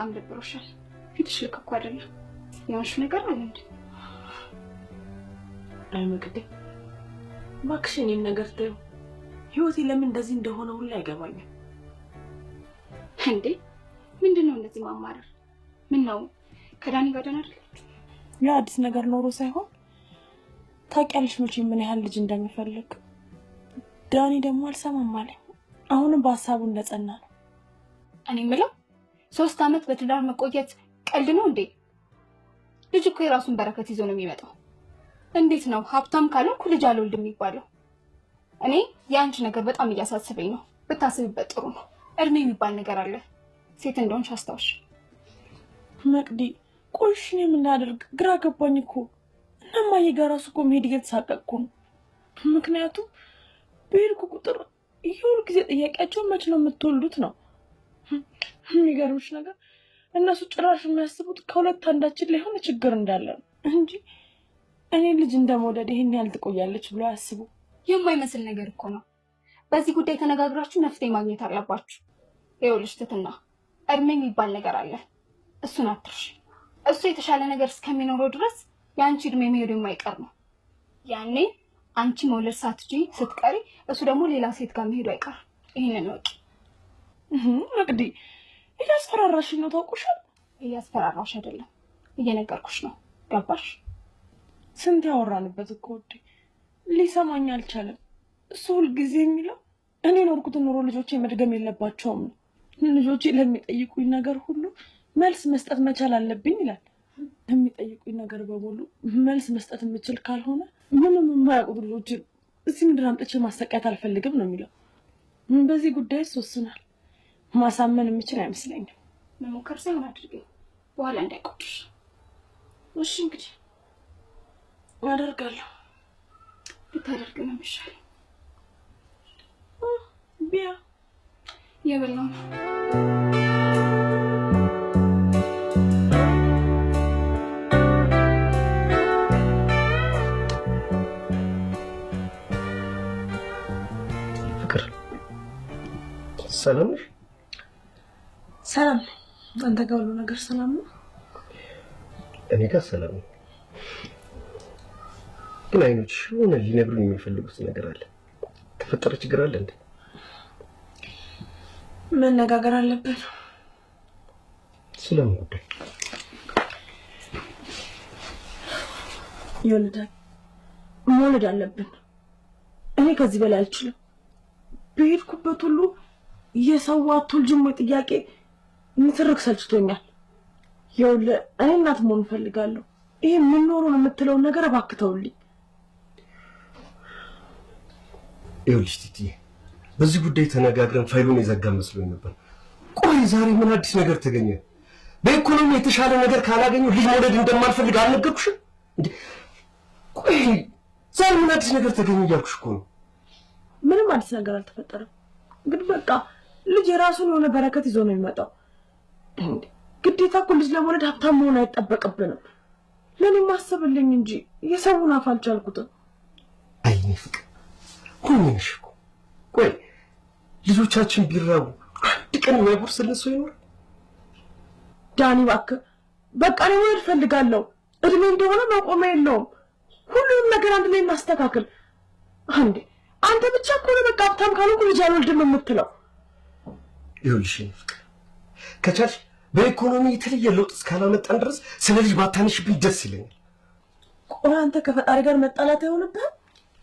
በጣም ደብሮሻል። ፊትሽ ልክ እኮ አይደለም። የሆንሽ ነገር አለ እንዴ? አይ መቅዴ እባክሽ እኔን ነገር ተይው። ህይወቴ ለምን እንደዚህ እንደሆነ ሁላ አይገባኝም። እንዴ ምንድን ነው እንደዚህ ማማረር? ምን ነው ከዳኒ ጋር ደህና አይደላችሁ? ያ አዲስ ነገር ኖሮ ሳይሆን ታውቂያለሽ መቼ ምን ያህል ልጅ እንደሚፈልግ። ዳኒ ደግሞ አልሰማም አለኝ። አሁንም በሀሳቡ እንደጸና ነው። እኔ የምለው ሶስት ዓመት በትዳር መቆየት ቀልድ ነው እንዴ? ልጅ እኮ የራሱን በረከት ይዞ ነው የሚመጣው። እንዴት ነው ሀብታም ካልሆንኩ ልጅ አልወልድም የሚባለው? እኔ የአንቺ ነገር በጣም እያሳስበኝ ነው። ብታስብበት ጥሩ ነው። እድሜ የሚባል ነገር አለ። ሴት እንደሆንሽ አስታውሽ። መቅዲ ቆሽ የምናደርግ ግራ ገባኝ እኮ እናማዬ ጋር እራሱ እኮ መሄድ እየተሳቀቅኩ ነው። ምክንያቱም በሄድኩ ቁጥር የሁል ጊዜ ጥያቄያቸው መች ነው የምትወልዱት ነው የሚገርምሽ ነገር እነሱ ጭራሽ የሚያስቡት ከሁለት አንዳችን ላይ የሆነ ችግር እንዳለ ነው እንጂ እኔ ልጅ እንደመውደድ ይህን ያህል ትቆያለች ብሎ አያስቡ። የማይመስል ነገር እኮ ነው። በዚህ ጉዳይ ተነጋግራችሁ መፍትሄ ማግኘት አለባችሁ። ይኸውልሽ ትትና እድሜ የሚባል ነገር አለ። እሱን አትርሽ። እሱ የተሻለ ነገር እስከሚኖረው ድረስ የአንቺ እድሜ መሄዱ የማይቀር ነው። ያኔ አንቺ መውለድ ሳትጂ ስትቀሪ እሱ ደግሞ ሌላ ሴት ጋር መሄዱ አይቀርም። ይህንን ወቂ። መቅዲ እያስፈራራሽኝ ነው ታውቁሻል። እያስፈራራሽ አይደለም እየነገርኩሽ ነው። ገባሽ? ስንት ያወራንበት እኮ ውዴ። ሊሰማኝ አልቻለም። እሱ ሁልጊዜ የሚለው እኔ ኖርኩትን ኑሮ ልጆቼ መድገም የለባቸውም ነው። ልጆቼ ለሚጠይቁኝ ነገር ሁሉ መልስ መስጠት መቻል አለብኝ ይላል። የሚጠይቁኝ ነገር በሙሉ መልስ መስጠት የምችል ካልሆነ ምንም የማያውቁት ልጆች እዚህ ምድር አምጥቼ ማሰቃየት አልፈልግም ነው የሚለው። በዚህ ጉዳይ ይወስናል። ማሳመን የምችል አይመስለኝም። መሞከር ሳይሆን አድርገኝ፣ በኋላ እንዳይቆጥር። እሺ እንግዲህ አደርጋለሁ። ብታደርግ ነው የሚሻለው። ቢያ የበላው ነው ሰላም ነሽ? ሰላም ነው። አንተ ጋር ሁሉ ነገር ሰላም ነው? እኔ ጋር ሰላም ነው፣ ግን አይኖች የሆነ ሊነግሩኝ የሚፈልጉት ነገር አለ። ተፈጠረ ችግር አለ እንዴ? መነጋገር አለብን። ስለምን ጉዳይ? ይወልዳል መውለድ አለብን። እኔ ከዚህ በላይ አልችልም። በሄድኩበት ሁሉ የሰው አቶ ልጅ ጥያቄ ንትርክ ሰልችቶኛል። ይኸውልህ እኔ እናት መሆን እፈልጋለሁ። ይሄ የምንኖሩን የምትለውን ነገር እባክተውልኝ። ይኸውልሽ ቲቲ፣ በዚህ ጉዳይ ተነጋግረን ፋይሉን የዘጋ መስሎኝ ነበር። ቆይ ዛሬ ምን አዲስ ነገር ተገኘ? በኢኮኖሚ የተሻለ ነገር ካላገኙ ልጅ መውለድ እንደማልፈልግ አልነገርኩሽም? ቆይ ዛሬ ምን አዲስ ነገር ተገኘ እያልኩሽ እኮ ነው። ምንም አዲስ ነገር አልተፈጠረም፣ ግን በቃ ልጅ የራሱን የሆነ በረከት ይዞ ነው የሚመጣው። ግዴታ እኮ ልጅ ለመውለድ ሀብታም መሆን አይጠበቅብንም። ለእኔ ማሰብልኝ እንጂ የሰውን አፍ አልቻልኩትም። አይኔ ፍቅር ሆኝንሽ እኮ ቆይ ልጆቻችን ቢራቡ አንድ ቀን የሚያጎርስልን ሰው ይኖር? ዳኒ እባክህ በቃ እኔ መውለድ ፈልጋለሁ። እድሜ እንደሆነ መቆሚያ የለውም። ሁሉንም ነገር አንድ ላይ እናስተካክል። አንዴ አንተ ብቻ ከሆነ በቃ ሀብታም ካልሆንኩ ልጅ አልወልድም የምትለው ይኸውልሽ ፍቅር ከቻልሽ በኢኮኖሚ የተለየ ለውጥ እስካላመጣን ድረስ ስለ ልጅ ባታነሽብኝ ደስ ይለኛል። ቆይ አንተ ከፈጣሪ ጋር መጣላት አይሆንብህም?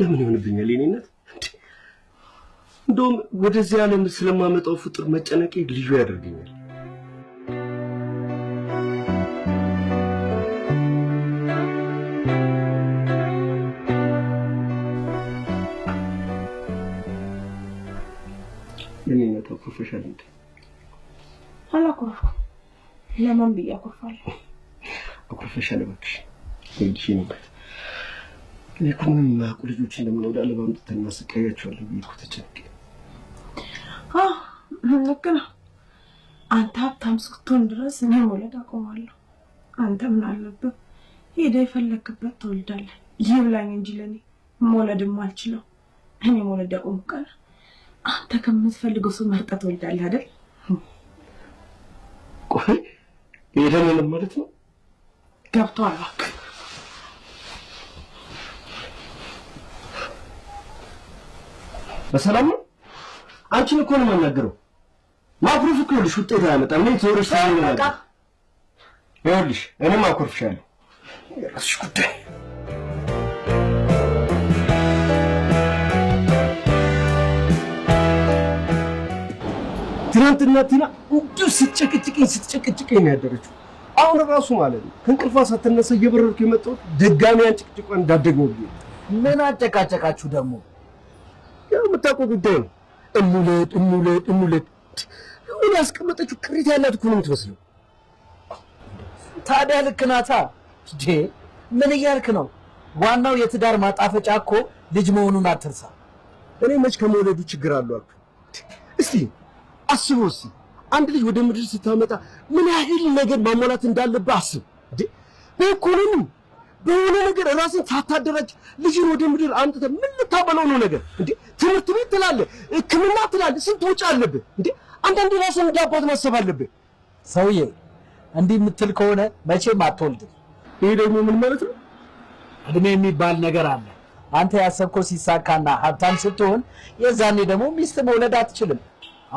ለምን ይሆንብኛል? የኔነት እንደውም ወደዚህ ዓለም ስለማመጣው ፍጡር መጨነቄ ልዩ ያደርገኛል። የኔነት ፕሮፌሽናል ለማን ብዬ አኮርፋለሁ? አኮርፈሻል። እባክሽ ይልሽ ነበር ለምን ወደ አለባ ምጥተና ስቃያቸዋለሁ ልክ ነው። አንተ ሀብታም እስክትሆን ድረስ እኔ መውለድ አቆማለሁ። አንተ ምን አለብህ ሄደህ የፈለክበት ትወልዳለህ። ይብላኝ እንጂ ለእኔ መውለድም አልችለው። እኔ መውለድ ያቆምኩ ቀን አንተ ከምትፈልገው ሰው መርጠህ ትወልዳለህ አይደል? ቆይ ይሄንን ማለት ነው ገብቶ አላክ በሰላም ነው። አንቺን እኮ ነው የምናገረው። ማኩረፍ እኮ ይኸውልሽ ውጤት አያመጣም። እኔ ተወርሽ ይኸውልሽ፣ እኔም አኩርፍሻለሁ። የራስሽ ጉዳይ ትናንትና ቲና እንዲሁ ስትጨቅጭቅኝ ስትጨቅጭቅኝ ነው ያደረችው። አሁን ራሱ ማለት ነው ከእንቅልፏ ሳትነሳ እየበረርኩ የመጣሁት ድጋሚ ያን ጭቅጭቋን እንዳደግ ምን አጨቃጨቃችሁ ደግሞ? ያው የምታውቀው ጉዳይ ነው። እንውለድ እንውለድ እንውለድ ምን ያስቀመጠችው ቅሪት ያላት እኮ ነው የምትመስለው። ታዲያ ልክ ናታ። ምን እያልክ ነው? ዋናው የትዳር ማጣፈጫ እኮ ልጅ መሆኑን አትርሳ። እኔ መች ከመውለዱ ችግር አለው አልኩ። እስቲ አስበው እስኪ አንድ ልጅ ወደ ምድር ስታመጣ ምን ያህል ነገር ማሟላት እንዳለብህ አስብ። በኢኮኖሚ በሆነ ነገር ራስን ሳታደራጅ ልጅን ወደ ምድር አምጥተህ ምን ልታበለው ነው? ነገር እንዴ ትምህርት ቤት ትላለህ፣ ሕክምና ትላለህ፣ ስንት ወጪ አለብህ እንዴ! አንዳንዴ ራስን እንዳባት ማሰብ አለብህ። ሰውዬ እንዲህ የምትል ከሆነ መቼም አትወልድም። ይሄ ደግሞ ምን ማለት ነው? እድሜ የሚባል ነገር አለ። አንተ ያሰብከው ሲሳካና ሀብታም ስትሆን፣ የዛኔ ደግሞ ሚስት መውለድ አትችልም።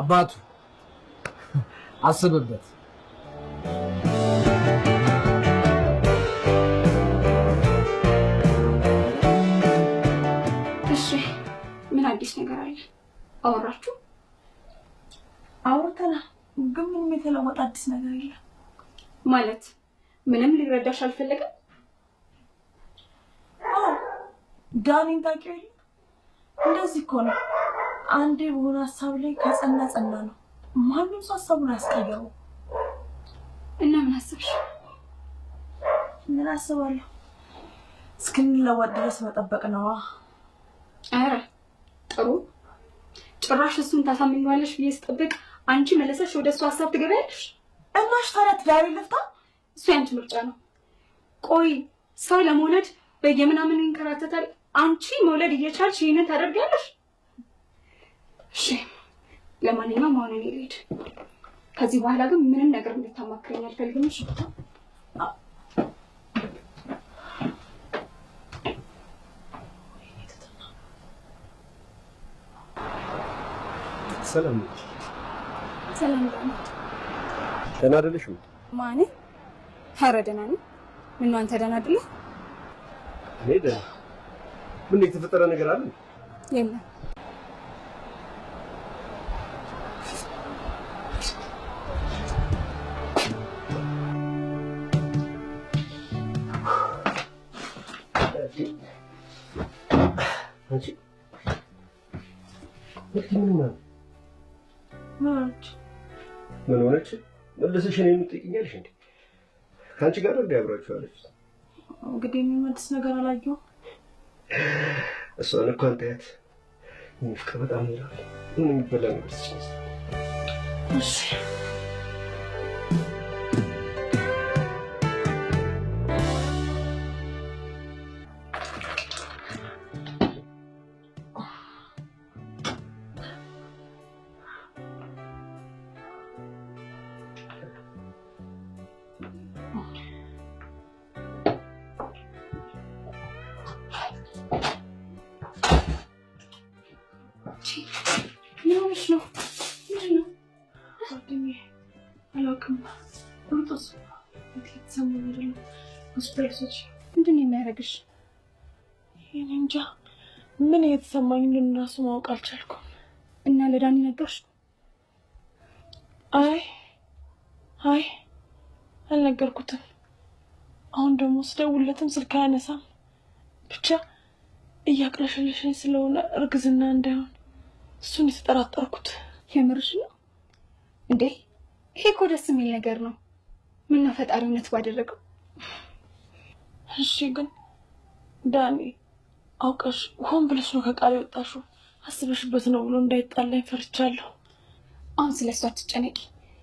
አባቱ አስብበት። እሺ ምን አዲስ ነገር አለ? አወራችሁ? አውርተናል፣ ግን ምንም የተለወጠ አዲስ ነገር የለም። ማለት ምንም ሊረዳሽ አልፈለገም? ዳኒን ታውቂው የለ እንደዚህ እኮ ነው አንዴ በሆነ ሀሳብ ላይ ከጸና ጸና ነው። ማንም ሰው ሀሳቡን አስቀየው እና ምን አሰብሽ? ምን አስባለሁ? እስክንለወጥ ድረስ መጠበቅ ነዋ። አረ ጥሩ። ጭራሽ እሱን ታሳምኛዋለሽ ብዬ ስጠብቅ አንቺ መለሰሽ ወደ እሱ ሀሳብ ትገበያለሽ። እናሽ ታዲያ ትዳሪ ልፍታ? እሱ ያንቺ ምርጫ ነው። ቆይ ሰው ለመውለድ በየምናምን ይንከራተታል። አንቺ መውለድ እየቻልሽ ይህንን ታደርጊያለሽ? እሺ፣ ለማንኛውም አሁን እኔ ልሄድ። ከዚህ በኋላ ግን ምንም ነገር እንድታማክረኝ አልፈልግም። እሺ? ሰላም ሰላም ደህና ማን? ኧረ ደህና ነኝ። ምነው አንተ ደህና አይደለህ? እኔ ደህና። ምን የተፈጠረ ነገር አለ? የለም ምን ሆነች? መልሰሽ እኔን እንዴ? ከአንቺ ጋር እንዲ እንግዲህ የሚመልስ ነገር አላየሁም። እሷን እኮ አንታያት ፍቅር በጣም ይላል ምን የሚበላ ነገር ሴት ልጅ ምንድን ነው የሚያደርግሽ? እኔ እንጃ ምን የተሰማኝ ልንራሱ ማወቅ አልቻልኩም። እና ለዳኒ ነገርሽ? አይ አይ አልነገርኩትም። አሁን ደግሞ ስደውለትም ስልክ አያነሳም። ብቻ እያቅለሸለሸኝ ስለሆነ እርግዝና እንዳይሆን እሱን የተጠራጠርኩት። የምርሽ ነው እንዴ? ይሄ እኮ ደስ የሚል ነገር ነው። ምነው ፈጣሪ እውነት ባደረገው እሺ ግን ዳኒ አውቀሽ ሆን ብለሽ ነው ከቃል የወጣሽው። አስበሽበት ነው ብሎ እንዳይጣላኝ ፈርቻለሁ። አሁን ስለ እሷ አትጨነቂ።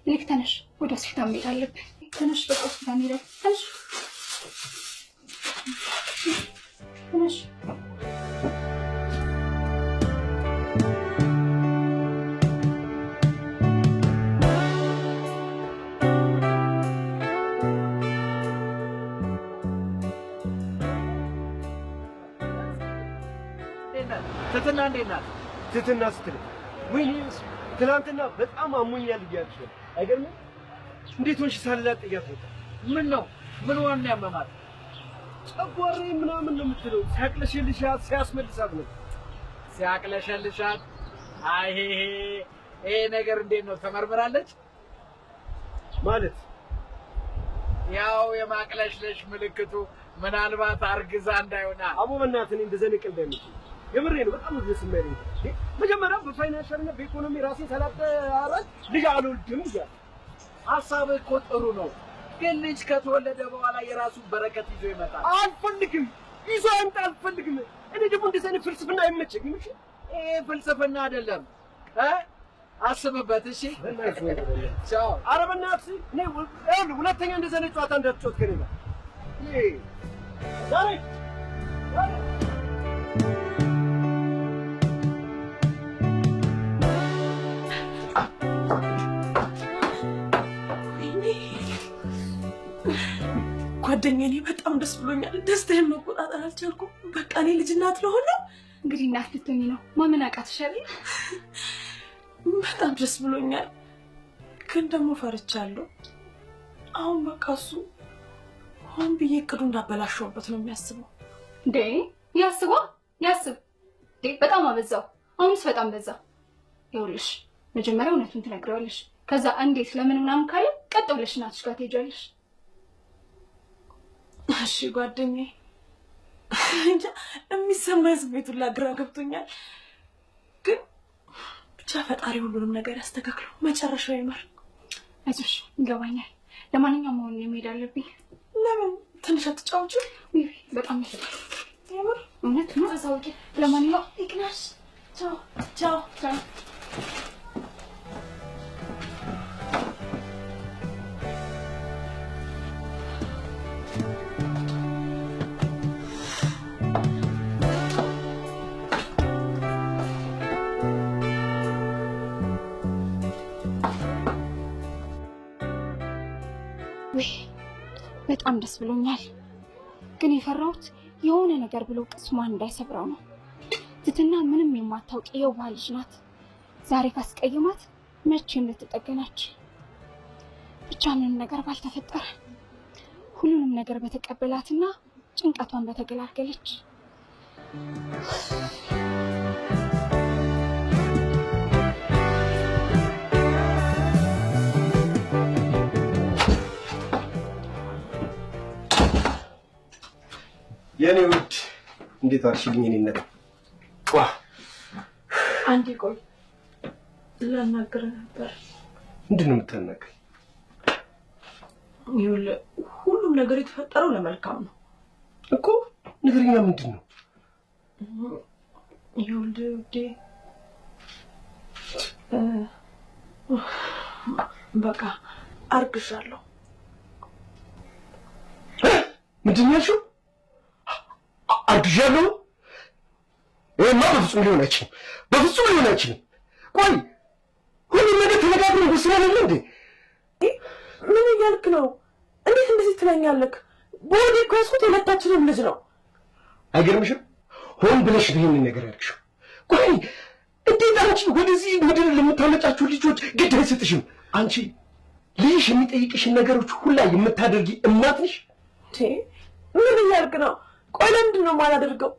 ልክ ተነሽ፣ ወደ ሆስፒታል መሄድ አለብን። ተነሽ፣ በቃ ሆስፒታል መሄድ ተነሽ፣ ተነሽ ትህትና እንዴት ናት? ትህትና ስትል ወይ ትናንትና በጣም አሞኛል እያልሽ አይገርምም? እንዴት ሆንሽ ሳልላት ጥያት ወጣ። ምን ነው ምን ዋና ያመማት? ጨጓሬ ምናምን ነው የምትለው። ሲያቅለሽልሻት ሲያስመልሳት ነው ሲያቅለሸልሻት። አይ ይሄ ነገር እንዴት ነው ተመርምራለች ማለት ያው የማቅለሽለሽ ምልክቱ ምናልባት አርግዛ እንዳይሆና አቡ በእናትህ እኔ እንደዚህ ንቅል የምሬ ነው። በጣም ብዙ ስለሚያደርግ ነው። መጀመሪያ በፋይናንሻል እና በኢኮኖሚ ራሴ ሰላጠ አራት ልጅ አልወልድም እያለ ሀሳብ እኮ ጥሩ ነው፣ ግን ልጅ ከተወለደ በኋላ የራሱ በረከት ይዞ ይመጣል። አልፈልግም፣ ይዞ አይምጣ፣ አልፈልግም። እኔ ደግሞ እንደዚህ አይነት ፍልስፍና አይመቸኝም። እሺ፣ ይሄ ፍልስፍና አይደለም። አስብበት። እሺ፣ ቻው። ኧረ በእናትህ እኔ ሁለተኛ እንደዚህ አይነት ጨዋታ እንዳትጮት ከኔ ጋር ዛሬ ዛሬ ስለምትወደኝ እኔ በጣም ደስ ብሎኛል። ደስታዬን መቆጣጠር አልቻልኩም። በቃ እኔ ልጅ እናት ለሆነ እንግዲህ እናት ልትሆኚ ነው። ማመን አቃተሻል። በጣም ደስ ብሎኛል፣ ግን ደግሞ ፈርቻለሁ። አሁን በቃ እሱ ሆን ብዬ እቅዱ እንዳበላሸውበት ነው የሚያስበው። እንዴ ያስባ ያስብ። በጣም አበዛው። አሁንስ በጣም በዛ። ይኸውልሽ መጀመሪያ እውነቱን ትነግሪዋለሽ። ከዛ እንዴት ለምን ምናምን ካለ ቀጥ ብለሽ እናትሽ ጋር ትሄጃለሽ። እሺ ጓደኛዬ፣ እንጃ የሚሰማኝ ስሜት ሁላ ግራ ገብቶኛል። ግን ብቻ ፈጣሪ ሁሉንም ነገር ያስተካክለው፣ መጨረሻው ይመር። አይዞሽ፣ ይገባኛል። ለማንኛውም መሆን የሚሄድ አለብኝ። ለምን ትንሽ በጣም እውነት ነው። ለማንኛውም ይቅናሽ። ቻው ቻው ቻው ውይ በጣም ደስ ብሎኛል። ግን የፈራሁት የሆነ ነገር ብሎ ቅስሟን እንዳይሰብረው ነው። ትትና ምንም የማታውቅ የዋህ ልጅ ናት። ዛሬ ካስቀየማት መቼም ልትጠገናች። ብቻ ምንም ነገር ባልተፈጠረ ሁሉንም ነገር በተቀበላትና ጭንቀቷን በተገላገለች። የኔ ውድ እንዴት አልሽልኝ? እኔነት አንዴ ቆይ፣ ላናግርህ ነበር። ምንድን ነው ይኸውልህ ሁሉም ነገር የተፈጠረው ለመልካም ነው እኮ። ንገረኛ፣ ምንድን ነው? ይኸውልህ ውዴ፣ በቃ አርግዣለሁ። ምንድን ነው ያልሽው? አርግዣለሁ? ወይማ በፍጹም ሊሆን አይችልም፣ በፍጹም ሊሆን አይችልም። ቆይ ሁሉም ነገር ተነጋግረን ወስነን የለ እንዴ? ምን እያልክ ነው? እንዴት እንደዚህ ትለኛለህ? እኮ ያዝኩት የሁለታችንም ልጅ ነው። አይገርምሽም? ሆን ብለሽ ነው ይህንን ነገር ቆይ እንዴት አንቺ ወደዚህ ለምታመጫችሁ ልጆች ግድ አይሰጥሽም? አንቺ ልጅሽ የሚጠይቅሽን ነገሮች ሁላ የምታደርጊ እናት ነሽ። ምን እያልክ ነው? ቆይ ለምንድን ነው የማላደርገው?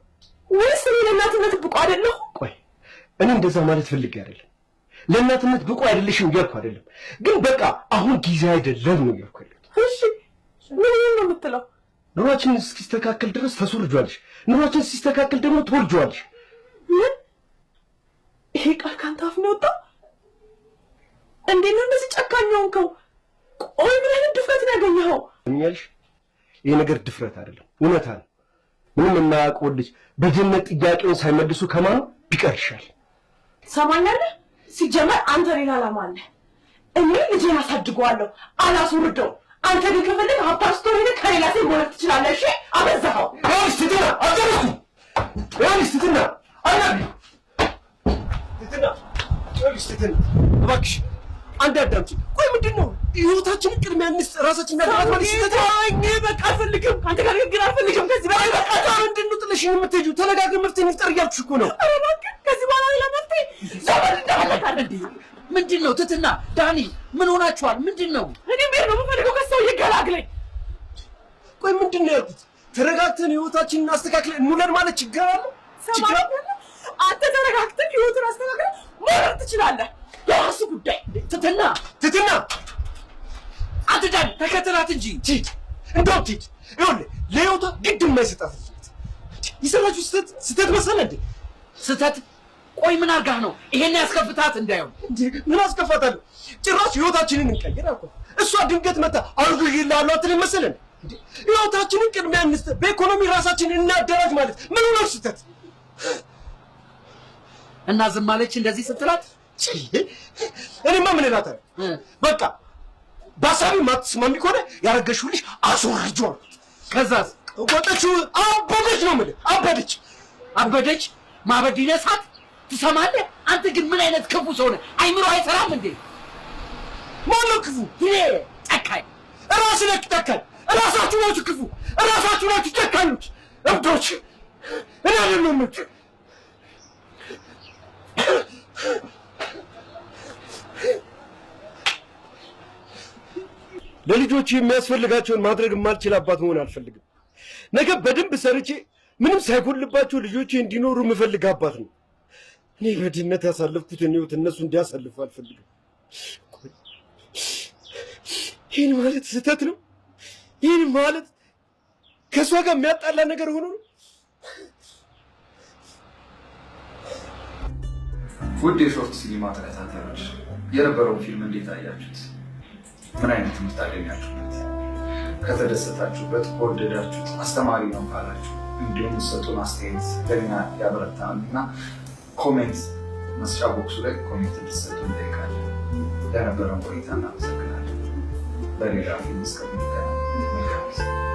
ወይስ እኔ ለእናትነት ብቁ አይደለሁ? ቆይ እኔ እንደዛ ማለት ፈልጌ አይደለም። ለእናትነት ብቁ አይደለሽም እያልኩ አይደለም፣ ግን በቃ አሁን ጊዜ አይደለም ነው እያልኩ ያለሁት። እሺ ምን ነው የምትለው? ኑሯችን እስኪስተካከል ድረስ ተስወርጇለሽ። ኑሯችን ሲስተካከል ደግሞ ትወልጇለሽ። ምን ይሄ ቃል ካንተ አፍ ነው የወጣው? እንዴት ነው እንደዚህ ጨካኝ ሆንከው? ቆይ ምን አይነት ድፍረት ነው ያገኘኸው? ይሄ ነገር ድፍረት አይደለም፣ እውነታ ነው። ምንም የማያውቀው ልጅ በጀነት ጥያቄውን ሳይመልሱ ከማኑ ቢቀር ይሻል። ትሰማኛለህ? ሲጀመር አንተ ሌላ ዓላማ አለ። እኔ ልጄን አሳድገዋለሁ፣ አላስወርደው። አንተ ግን ከፈለግ ሀብታም ስትሆን ሄደህ ከሌላ ሴት መውለድ ትችላለህ። እሺ፣ አበዛኸው። ያንስ ትትና አጨርኩ። ትትና አናቢ ትትና ትትና እባክሽ አንድ አዳምጪ። ቆይ ምንድን ነው ህይወታችንን ቅድሚያ እንስጥ፣ ራሳችን እናገራት ማለት ሲሰጥ በቃ አልፈልግም፣ አንተ ጋር ንግግር አልፈልግም። ከዚህ በላይ በቃ ምንድን ነው ጥለሽኝ የምትሄጂው? ተነጋግረን መፍትሄ እንፍጠር እያልኩሽ እኮ ነው። ከዚህ በኋላ ሌላ መፍትሄ ዘመድ እንደፈለጋለ እንዲ ምንድን ነው ትትና ዳኒ፣ ምን ሆናችኋል? ምንድን ነው? እኔ ብሄር ነው የምፈልገው፣ ከሰው ይገላግለኝ። ቆይ ምንድን ነው ያልኩት? ተረጋግተን ህይወታችንን አስተካክለን እንውለን ማለት ችግር አለ? ችግር አንተ ተረጋግተን ህይወትን አስተካክለን መረር ትችላለህ። የራስህ ጉዳይ። ትትና ትትና አትዳን ተከተላት እንጂ እንደው ትሂድ። ይኸውልህ ለህይወቷ ግድ የማይሰጣት ይሰራችሁ ስህተት ስህተት መሰለህ እንዴ? ስህተት ቆይ ምን አድርጋህ ነው ይሄን ያስከፍታት? እንዳይሆን ምን አስከፋታለሁ? ጭራሽ ህይወታችንን እንቀይር አልኩህ። እሷ ድንገት መታ አርግልሃለሁ አትልም መሰለህ? ህይወታችንን ቅድሚያ እንስጥ፣ በኢኮኖሚ ራሳችንን እናደራጅ ማለት ምን ሆነው ስህተት እና ዝም አለች። እንደዚህ ስትላት እኔማ ምን እላታለሁ? በቃ በሀሳቢ ማትስማሚ ከሆነ ያረገሽው ልጅ አስወርጇ። ከዛስ ወጠችው፣ አበደች ነው የምልህ። አበደች አበደች። ማበድ ይነሳት። ትሰማለህ? አንተ ግን ምን አይነት ክፉ ሰው ነህ? አይምሮ አይሰራም እንዴ? ማነው ክፉ? ይሄ ጠካኝ ራስ ነህ። ጠካኝ ራሳችሁ ናችሁ ክፉ፣ ራሳችሁ ናችሁ ጨካኞች፣ እብዶች። እኔ አይደለሁም እብድ ለልጆች የሚያስፈልጋቸውን ማድረግ የማልችል አባት መሆን አልፈልግም። ነገ በደንብ ሰርቼ ምንም ሳይጎልባቸው ልጆች እንዲኖሩ የምፈልግ አባት ነው። እኔ በድህነት ያሳለፍኩትን ህይወት እነሱ እንዲያሳልፉ አልፈልግም። ይህን ማለት ስህተት ነው። ይህን ማለት ከእሷ ጋር የሚያጣላ ነገር ሆኖ ነው። ውድ የሾርት ሲኒማ ተከታታዮች የነበረውን ፊልም እንዴት አያችሁት? ምን አይነት ትምህርት አገኛችሁበት? ከተደሰታችሁበት፣ ከወደዳችሁት፣ አስተማሪ ነው ካላችሁ እንዲሁም ሰጡን አስተያየት ለኛ ያበረታል እና ኮሜንት መስጫ ቦክሱ ላይ ኮሜንት እንድትሰጡ እንጠይቃለን። ለነበረን ቆይታ እናመሰግናለን። በሌላ ፊልም እስከምንገናኝ መልካም